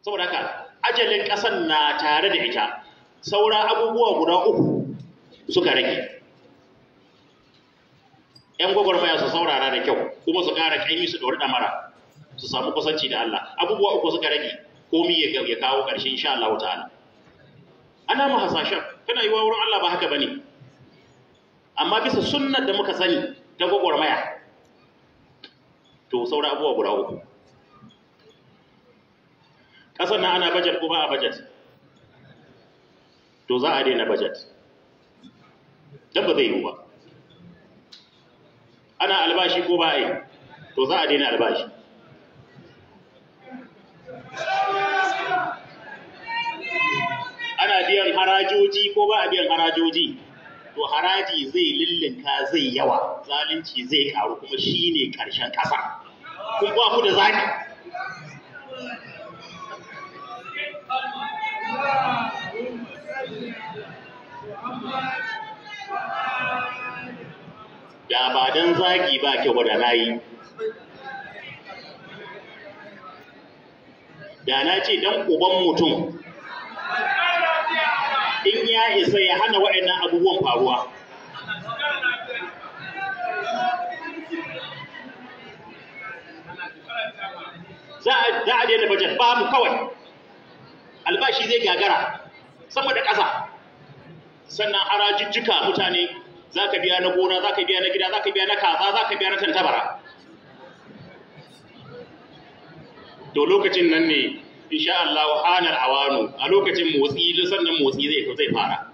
saboda haka ajalin ƙasan na tare da ita saura abubuwa guda uku suka rage ‘yan gwagwarmaya su saurara da kyau kuma su ƙara ƙaimi su ɗori ɗamara su samu kusanci da Allah abubuwa uku suka rage komi ya kawo ƙarshen sha Allah ta'ala ana mu hasashen kana yi wa wurin Allah ba haka ba ne. amma bisa sunnar da muka sani ta gwagwarmaya to saura abubuwa guda uku ƙasar na ana bajet ko ba a bajet to za a daina bajet don ba zai yi ba ana albashi ko ba a yi to za a daina albashi ana biyan harajoji ko ba a biyan harajoji to haraji zai lillinka zai yawa zalunci zai karu kuma shine karshen ƙasa kun ba ku da zaki da ba don zagi ba kyau ba da na yi da na ce dan uban mutum in ya isa ya hana waɗannan abubuwan faruwa za a daina bajet ba mu kawai albashi zai gagara sama da ƙasa sannan harajijjika mutane za ka biya na gona za ka biya na gida za ka biya na kaza za ka biya na tantabara to lokacin nan ne insha Allah hanar awanu a lokacin motsi sannan motsi zai zai fara